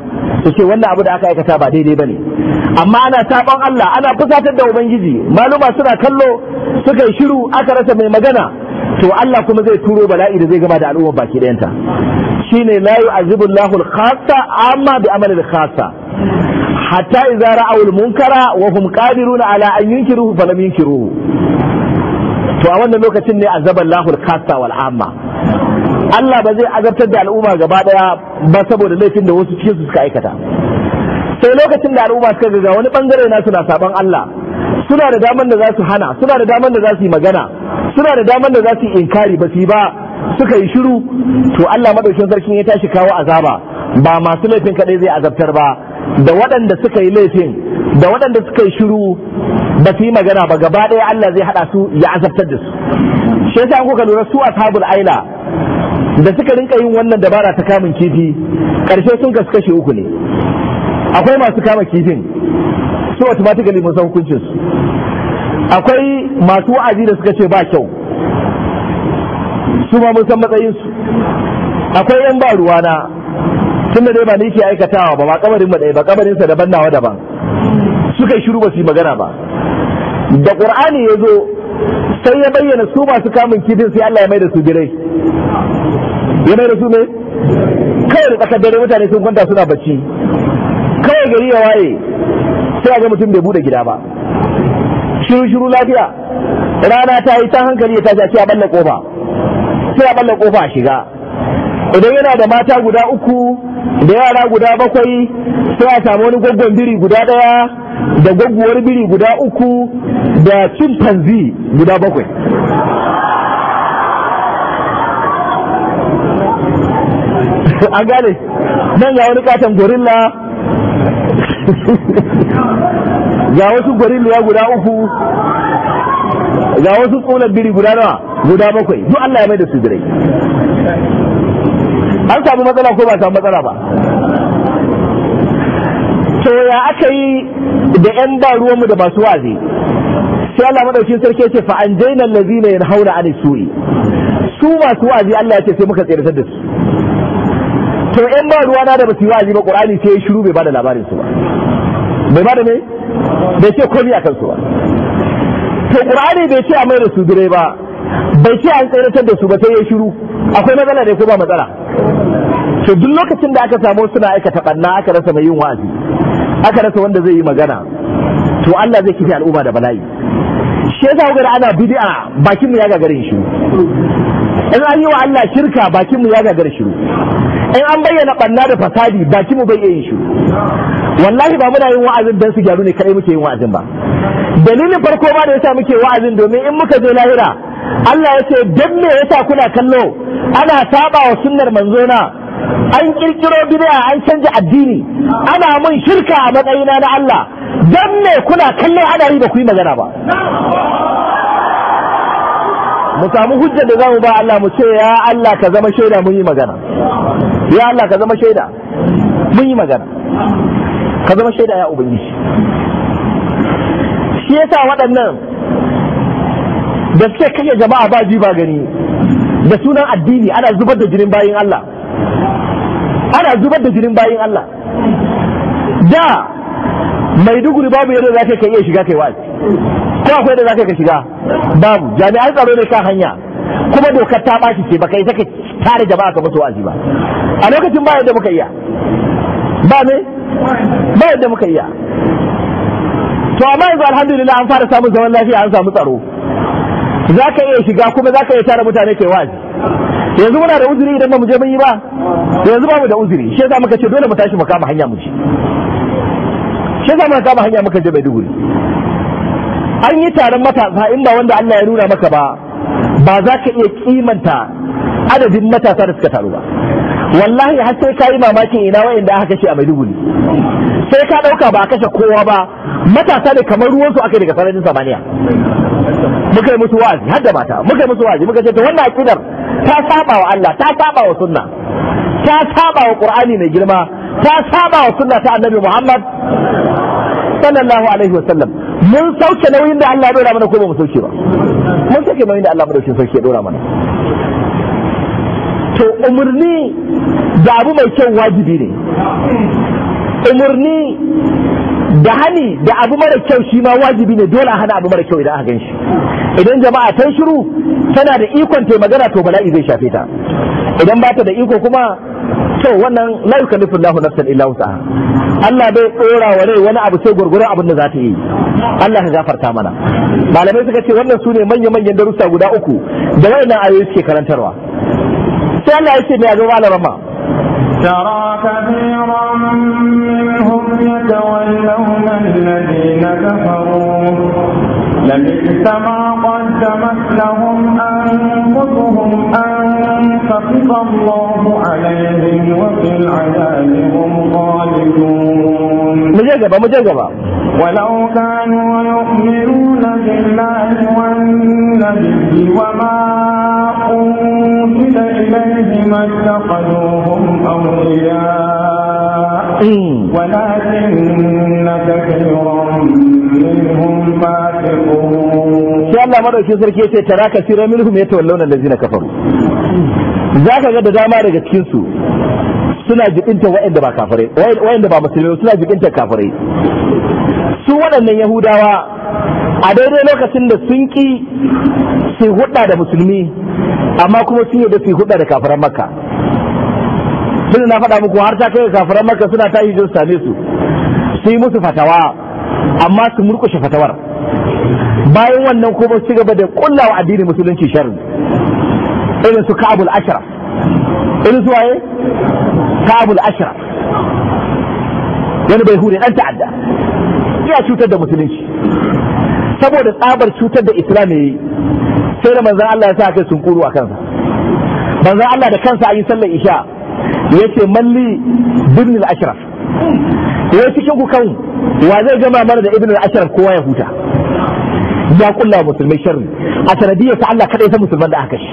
su ce wannan abu da aka aikata ba daidai bane amma ana sabon Allah ana fusatar da ubangiji maluma suna kallo suka yi shiru aka rasa mai magana to Allah kuma zai turo bala'i da zai gama da al'umma baki ta shine la yu'azibu Allahu al-khassa amma bi amal al-khassa hatta idza ra'aw al-munkara wa hum qadiruna ala an yunkiruhu falam yunkiruhu to a wannan lokacin ne azaba Allahu al-khassa wal amma Allah ba zai azabtar da al'umma gaba daya ba saboda laifin da wasu cikin su suka aikata sai lokacin da al'umma suka ga wani bangare na suna saban Allah suna da daman da za su hana suna da daman da za su yi magana suna da damar da za su yi inkari ba su ba suka yi shiru to Allah madaukin sarkin ya tashi kawo azaba ba masu laifin kadai zai azabtar ba da waɗanda suka yi laifin da waɗanda suka yi shiru ba su yi magana ba gaba ɗaya Allah zai haɗa su ya azabtar da su shi yasa kuka lura su ashabul aila da suka rinka yin wannan dabara ta kamun kifi karshe sun kasu kashe uku ne akwai masu kama kifin su automatically mun san hukuncin su akwai masu wa'azi da suka ce ba kyau su ma mun san matsayinsu akwai 'yan ba ruwana tunda dai ba ni ke aikatawa ba ba kabarin ba ba kabarin sa daban nawa daban suka shiru ba su yi magana ba da qur'ani ya zo sai ya bayyana su masu kamun kifin sai Allah ya mai da su birai ya mai da su ne kawai da tsakar dare mutane sun kwanta suna bacci kawai gari ya waye sai ga mutum bai bude gida ba shiru shiru lafiya rana ta yi ta hankali ya tashi a balla kofa sai a balla kofa a shiga idan yana da mata guda uku da yara guda bakwai sai a samu wani gwaggon biri guda daya da gwagguwar biri guda uku da chimpanzee guda bakwai an gane nan ga wani katon gorilla ga wasu gorilla guda uku ga wasu tsunan biri guda nawa guda bakwai duk Allah ya mai da su birai an samu matsala ko ba samu matsala ba to ya aka yi da yan ba ruwanmu da masu wazi sai Allah madaukin sarki ce fa an jaina allazina yanhauna an su'i su masu wazi Allah ya ce sai muka tsiratar da su to yan ba ruwa na da basu wazi ba qur'ani sai ya shiru bai bada labarin su ba bai bada me bai ce komai akan su ba to qur'ani bai ce a mai da su dire ba bai ce an tsaratar da su ba sai ya shiru akwai matsala ne ko ba matsala to duk lokacin da aka samu suna aikata banna aka rasa mai yin wa'azi aka rasa wanda zai yi magana to Allah zai kife al'umma da bala'i shi yasa ga ana bid'a bakin mu ya gagarin shi in an yi wa Allah shirka bakin mu ya gagara shiru in an bayyana banna da fasadi bakin mu bai iya yin shiru wallahi ba muna yin wa'azin dan su gyaru ne kai muke yin wa'azin ba dalilin farko ma da yasa muke wa'azin domin in muka zo lahira Allah ya ce dan me yasa kuna kallo ana saba wa sunnar manzona an kirkiro bid'a an canja addini ana mun shirka a matsayina na Allah dan me kuna kallo ana yi ba ku yi magana ba mu samu hujjar da zamu ba Allah mu ce ya Allah ka zama shaida mun yi magana ya Allah ka zama shaida mun yi magana ka zama shaida ya ubangiji shi yasa waɗannan da suke kai jama'a ba ji ba gani da sunan addini ana zubar da jinin bayin Allah ana zubar da jinin bayin Allah da maiduguri babu yadda za ka iya shiga kai wa'azi akwai da za ka shiga babu jami'an tsaro ne kan hanya kuma dokar ta bashi ce baka yi saka tare jama'a ka mutu wa'azi ba a lokacin ba yadda muka iya ba me ba yadda muka iya to amma yanzu alhamdulillah an fara samun zaman lafiya an samu tsaro za ka iya shiga kuma za ka iya tara mutane ke wa'azi yanzu muna da uzuri idan ba mu je mun yi ba yanzu ba mu da uzuri shi yasa muka ce dole mu tashi mu kama hanya mu ci shi yasa muka kama hanya muka je Maiduguri an yi taron matasa in ba wanda Allah ya nuna maka ba ba za ka iya kimanta adadin matasa da suka taru ba wallahi har sai ka yi mamakin ina da aka kashe a maiduguri sai ka ɗauka ba a kashe kowa ba matasa ne kamar ruwansu aka daga sararin samaniya muka yi musu wa'azi har da mata muka yi musu wa'azi muka ce ta wannan akidar ta saba wa Allah ta saba wa sunna ta saba wa qur'ani mai girma ta saba wa sunna ta annabi Muhammad sallallahu alaihi wasallam mun sauke nauyin da Allah ya dora mana ko ba mu sauke ba mun sauke nauyin da Allah madaukin sarki ya dora mana to umarni da abu mai kyau wajibi ne umarni da hani da abu mara kyau shi ma wajibi ne dole a hana abu mara kyau idan aka gan shi idan jama'a ta shiru tana da ikon ta magana to bala'i zai shafe ta idan ba ta da iko kuma to wannan la yukallifu Allahu nafsan illa wus'aha Allah bai tsora wa rai wani abu sai gurgurun abin da za ta yi Allah ka gafarta mana malamai suka ce wannan su ne manya-manyan darussa guda uku da wayannan ayoyi suke karantarwa sai Allah ya ce mai azaba alarama ترى كثيرا منهم يتولون لبئس ما قدمت لهم أنفسهم أن سخط الله عليهم وفي العذاب هم خالدون مجاجبة مجاجبة ولو كانوا يؤمنون بالله والنبي وما أنزل إليه ما اتخذوهم أولياء ولكن sai Allah madaukin sarki ya ce tara kasira minhum yatawallawna allazina kafaru zaka ga da dama daga cikin su suna jibinta waɗanda ba kafirai waɗanda ba musulmi suna jibinta kafare? su waɗannan yahudawa a daidai lokacin da sun ki su hudda da musulmi amma kuma sun da su hudda da kafiran makka tun na faɗa muku har ta kai kafiran makka suna tashi jin same su su yi musu fatawa amma su murkushe fatawar bayan wannan kuma su gaba da kullawa addinin musulunci sharri irin su ka'abul ashara irin su waye ka'abul ashara wani bai hure dan ta'adda iya cutar da musulunci saboda tsabar cutar da islam yi sai da manzan Allah ya sa kai sun kuru a kansa manzan Allah da kansa a yi sallar isha yace malli bin al-ashraf wai cikin ku kan wa zai gama mana da ibn al ashar kowa ya huta ya kulla musulmai sharri a sanadiyar ta Allah kadai ta musulman da aka shi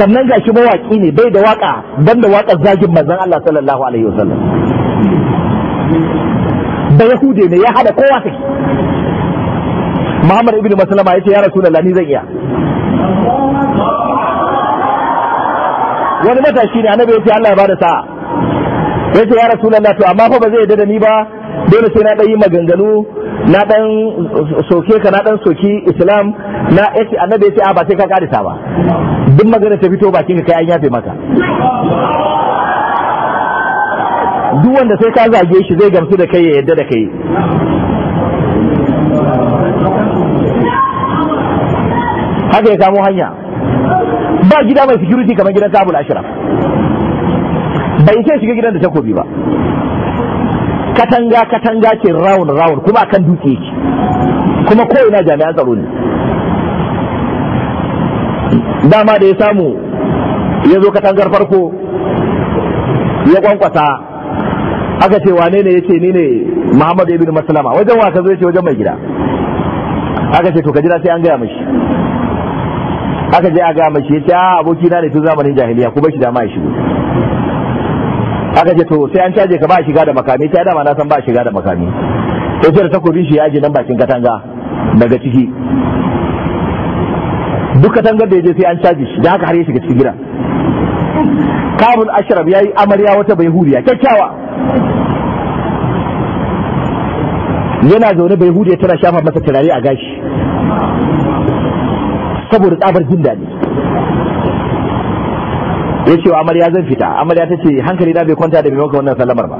sannan ga shi mawaki ne bai da waka da waka zagin manzon Allah sallallahu alaihi wasallam da yahude ne ya hada kowa kai Muhammad ibn Maslama yace ya rasulullahi ni zan iya wani matashi ne annabi yace Allah ya bada sa'a ya ce ya rasulallah to amma fa ba zai yadda da ni ba dole sai na ɗan yi maganganu na ɗan soke ka na ɗan soki islam na yace annabi ya ce a ba sai ka karisa ba duk magana ta fito bakin ka kai an yafe maka duk wanda sai ka zage shi zai gamsu da kai ya yadda da kai haka ya samu hanya ba gida mai security kamar gidan tabul ashraf bai sai shiga gidan da takobi ba katanga katanga ce round round kuma akan dutse yake kuma ko ina jami'an tsaro ne dama da ya samu ya zo katangar farko ya kwankwasa aka ce wane ne ce ni ne Muhammadu ibn Maslama wajen wasa zai ce wajen mai gida aka ce to ka jira sai an gaya mashi aka je a gaya mashi ce a ah, abokina ne tun zamanin jahiliya ku bar shi dama ya shigo aka ce to sai an caje ka ba shiga da makami ta dama na san ba shiga da makami sai sai da takobin shi ya nan bakin katanga daga ciki duk katangar da ya sai an caje shi da haka har ya shiga cikin gidan kabul ashraf yayi amarya wata bai huriya kyakkyawa yana zaune bai hude tana shafa masa turare a gashi saboda tsabar jin daɗi ya ce amarya zan fita amarya ta ce hankali na bai kwanta da maimakon wannan sallamar ba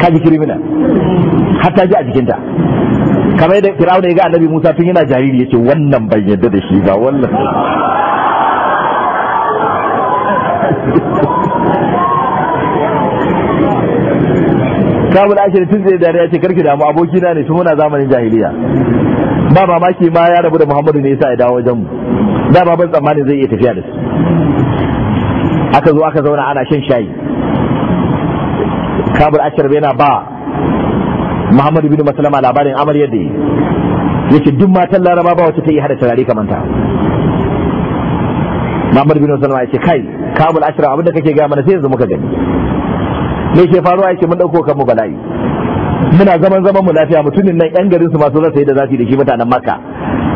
ka ji kirimina har ta ji a jikinta kamar da firawuna ya ga annabi musa tun yana jariri ya ce wannan ban yadda da shi ba wannan kabul ashir tun zai dariya ce karki damu abokina ne tun muna zamanin jahiliya ba mamaki ma ya rabu da muhammadu ne yasa ya dawo wajen mu da ba ban tsammanin zai iya tafiya da su aka zo aka zauna ana shan shayi kabir ashar yana ba muhammadu bin maslama labarin amar yadda yi yake duk matan laraba ba wacce ta yi hada turare kamar ta muhammadu bin maslama yake kai kabul ashra abinda kake gaya mana sai yanzu muka gani me ke faruwa yake mun dauko kanmu bala'i muna zaman zaman mu lafiya mutumin nan yan garin su masu rasa yadda za su yi da shi mutanen makka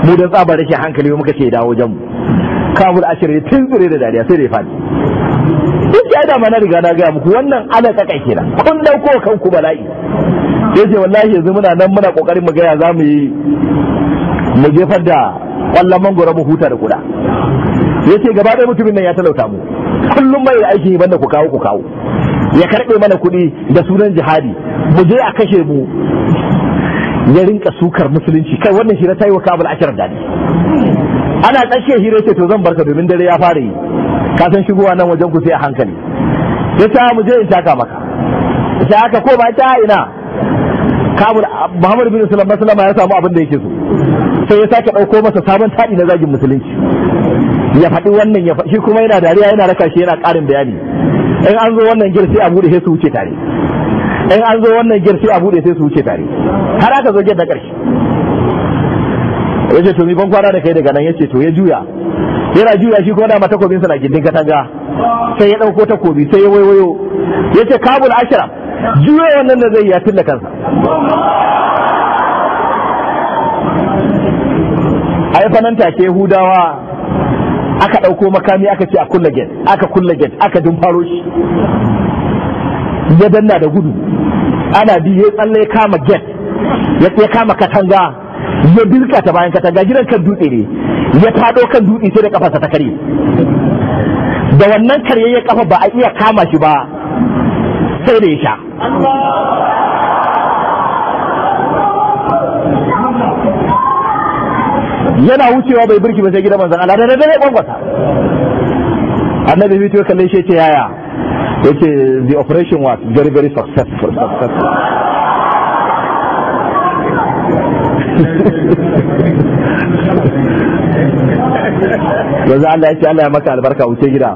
mu da tsabar rashin hankali muka ce dawo jan mu kabul ashirin tun tsire da dariya sai da ya faɗi duk ya da mana riga na gaya muku wannan ala kaka kenan kun dauko kanku bala'i ce wallahi yanzu muna nan muna kokarin mu gaya zamu yi mu jefar da kwallon mangoro mu huta da kuda yace gaba ɗaya mutumin nan ya talauta mu kullum mai aiki banda ku kawo ku kawo ya karbe mana kuɗi da sunan jihadi mu je a kashe mu ya rinka sukar musulunci kai wannan shi na tayi wa kabul ashirar dadi ana tsakiyar hira ce to zan barka domin dare ya fara yi ka san shigowa nan wajen ku sai a hankali ya sa mu je in taka maka sai aka ko ba ta ina kabul Muhammad bin alaihi wasallam ya samu abin da yake so sai ya sake dauko masa sabon tadi na zagin musulunci ya faɗi wannan ya shi kuma yana dariya yana raka shi yana ƙarin bayani in an zo wannan gir sai a bude sai su wuce tare in an zo wannan gir sai a bude sai su wuce tare har aka zo gir na ƙarshe ya ce to mi ban kwana da kai daga nan ya ce to ya juya yana juya shi kuma takobin sa na gindin katanga sai ya ɗauko takobi sai ya waiwayo ya ce kabul ashira juya wannan da zai ya da kansa ai fanan take hudawa aka ɗauko makami aka ce a kulla gate aka kulla gate aka dumfaro shi ya danna da gudu ana bi ya tsalle kama gate ya kama katanga ya birka ta bayan katanga gidan kan dutse ne ya fado kan dutse sai da kafarsa ta kare da wannan ya kafa ba a iya kama shi ba sai da ya sha yana wucewa bai birki ba sai gidan manzan Allah da da gwangwata annabi bi to kalle shi ce yaya yace the operation was very very successful successful yanzu Allah ya ce Allah ya maka albarka wuce gida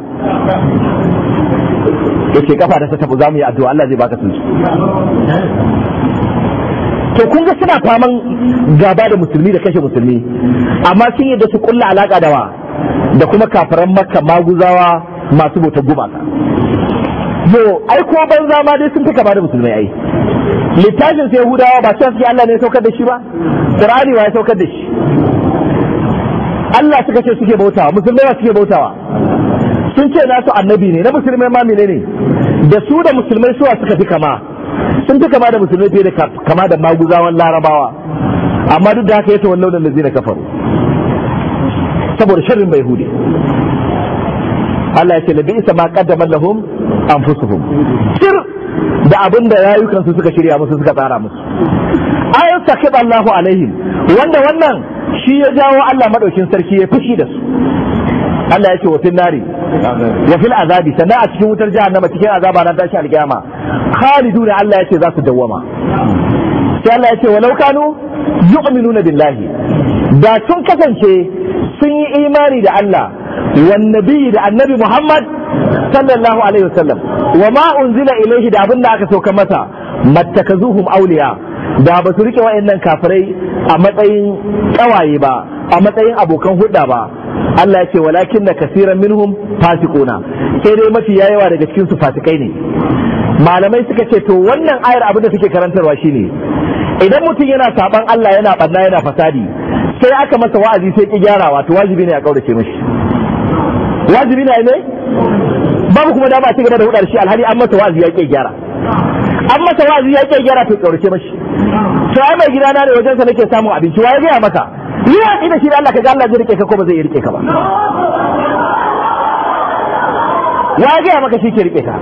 yake kafa da ta tafi za mu yi addu'a Allah zai baka sun to kun ga suna faman gaba da musulmi da kashe musulmi amma sun yadda su kulla alaka da wa da kuma kafiran makka maguzawa masu bota gumaka yo ai ko banza ma dai sun fi kama da musulmai ai littafin sai yahudawa ba sai Allah ne ya saukar da shi ba qur'ani wa ya saukar da shi Allah suka ce suke bautawa musulmai suke bautawa sun ce nasu annabi ne na musulmai ma ne da su da musulmai suwa suka fi kama sun fi kama da musulmai fiye da kama da maguzawan larabawa amma duk da haka ya wannan da lazina kafaru saboda sharrin bai hude Allah ya ce labi isa ma qaddama lahum anfusuhum sir da abin da su suka shirya musu suka tsara musu fatakib Allahu alaihim wanda wannan shi ya jawo Allah madaukin sarki ya fushi da su Allah ya ce wa fil ya fil azabi sannan a cikin wutar jahannama cikin azaba na tashi alkiyama khaliduna Allah ya ce za su dawwama sai Allah ya ce walau kanu yu'minuna billahi da sun kasance sun yi imani da Allah wan da annabi Muhammad sallallahu alaihi wasallam wa ma unzila ilaihi da abin da aka sauka masa mattakazuhum awliya da ba su rike wa'annan kafirai a matsayin ƙawaye ba a matsayin abokan hudda ba Allah ya ce walakin da kasiran minhum fasikuna sai dai mafi yayawa daga cikin su fasikai ne malamai suka ce to wannan ayar abin da suke karantarwa shine idan mutum yana saban Allah yana banna yana fasadi sai aka masa wa'azi sai ki gyarawa to wajibi ne a kaurace mishi wajibi ne ne babu kuma dama a ci gaba da hudar shi alhali an masa wa'azi ya ki gyara an masa wa'azi ya ke gyara ta kaurace mashi to ai mai gidana da wajen sa nake samun abinci Wa ya gaya maka yi watsi da shi da Allah ka ga Allah zai rike ka ko ba zai rike ka ba ya gaya maka shi ke rike ka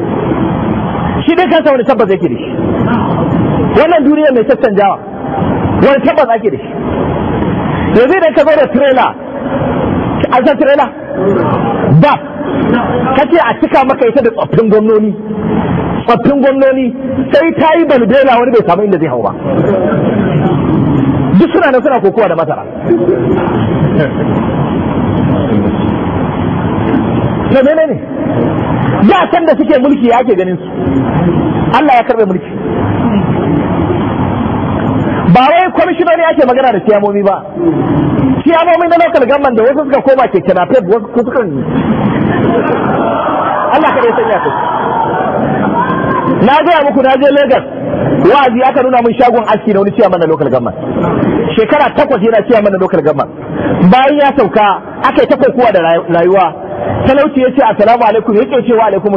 shi dai kansa wani tabbas yake da shi wannan duniya mai jawa wani tabbas ake da shi yanzu idan ka zo da trailer an san trailer ba ka ce a cika maka ita da tsoffin gwamnoni tsaffin gwamnoni sai ta yi balbela wani bai samu inda zai hau ba duk suna nan suna kokowa da masara na mene ne ya san da suke mulki ya ke ganin su Allah ya karbe mulki ba wai ne ake magana da siyamomi ba siyamomi na local government da wasu suka koma ke kira wasu suka Allah ka ya sanya su na gaya muku na je Lagos wa'azi aka nuna mun shagon aski na wani ciyaman na local government shekara takwas yana ciyaman na local government bayan ya sauka aka yi ta kokowa da rayuwa talauci ya ce assalamu alaikum ya ce wa alaikum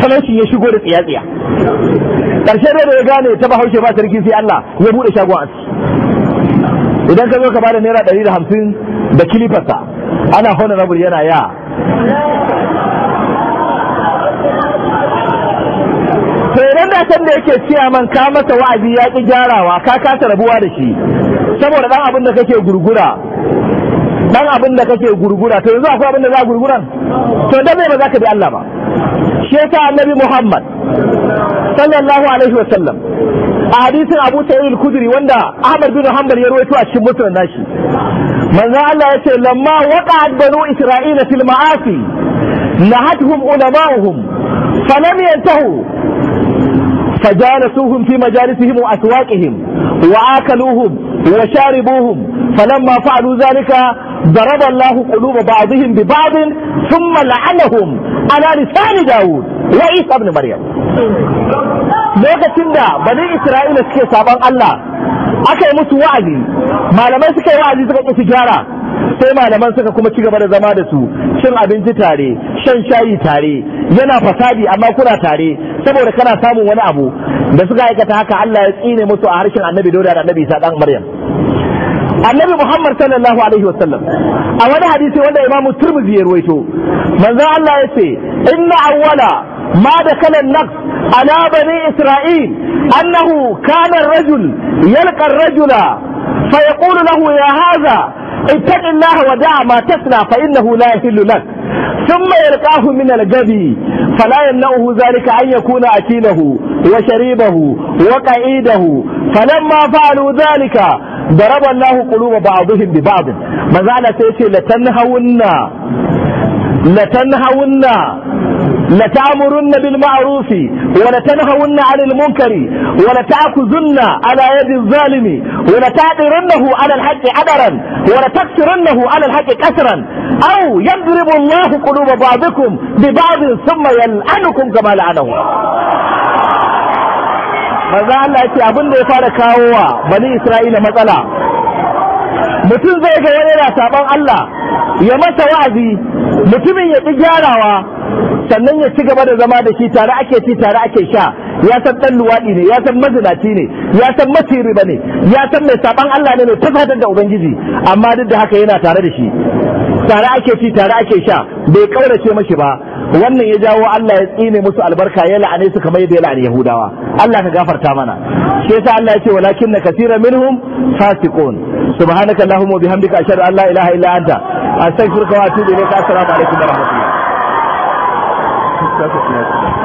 talauci ya shigo da tsiya-tsiya karshe ne da ya gane ta bahaushe ba sarki sai Allah ya bude shagon aski idan ka zo ka bada naira ɗari da hamsin da kilifarsa ana honorable yana ya da san da yake ciya man ka masa wa'azi ya ki gyarawa ka kasa rabuwa da shi saboda dan abin da kake gurgura dan abin da kake gurgura to yanzu akwai abin da za gurgura to dan me ba za ka bi Allah ba shi yasa annabi Muhammad sallallahu alaihi wa sallam a hadisin Abu Sa'id al-Khudri wanda Ahmad bin Hanbal ya rawaito a cikin musnad nashi manzo Allah ya ce lamma waqa'at banu isra'ila fil ma'asi nahatuhum ulama'uhum falam yantahu فجالسوهم في مجالسهم وأسواقهم وآكلوهم وشاربوهم فلما فعلوا ذلك ضرب الله قلوب بعضهم ببعض ثم لعنهم على لسان داود وعيسى ابن مريم lokacin da bani Isra'ila suke sabon Allah aka yi musu wa'azi malamai suka yi wa'azi suka ƙi gyara sai malaman suka kuma ci gaba da zama da su cin abinci tare shan shayi tare yana fasadi amma kuna tare saboda kana samun wani abu da suka aikata haka Allah ya tsine musu a harshen annabi dauda da annabi isa dan maryam annabi muhammad sallallahu alaihi wasallam a wani hadisi wanda imamu turmuzi ya ruwaito manzon Allah ya ce inna awwala ما nak النقص Bani بني إسرائيل rajul كان الرجل rajula fa yaqulu lahu ya haza. اتق الله ودع ما تصنع فإنه لا يحل لك ثم يلقاه من الجبي فلا يمنعه ذلك أن يكون أكيله وشريبه وقعيده فلما فعلوا ذلك ضرب الله قلوب بعضهم ببعض ما زال سيشي لتنهون لتنهون لتأمرن بالمعروف ولتنهون عن المنكر ولتأخذن على يد الظالم ولتعذرنه على الحق عذرا ولتكسرنه على الحق كسرا أو يضرب الله قلوب بعضكم ببعض ثم يلعنكم كما لعنه maza Allah ya ce abin da ya fara الله wa bani Isra'ila matsala mutum zai ga yana saban Allah ya masa wa'azi mutumin ya gyarawa sannan ya ci gaba da zama da shi tare ake ci tare ake sha ya san dan luwaɗi ne ya san mazinaci ne ya san maciri ba ne ya san mai saban Allah ne mai tafatar da ubangiji amma duk da haka yana tare da shi tare ake ci tare ake sha bai kaurace mashi ba wannan ya jawo Allah ya tsine musu albarka ya la'ane su kamar yadda ya la'ani Yahudawa Allah ka gafarta mana shi yasa Allah ya ce walakinna kaseeran minhum fasiqun allahumma wa bihamdika ashhadu an la ilaha illa anta astaghfiruka wa atubu ilayka assalamu alaikum wa rahmatullahi That's what matters.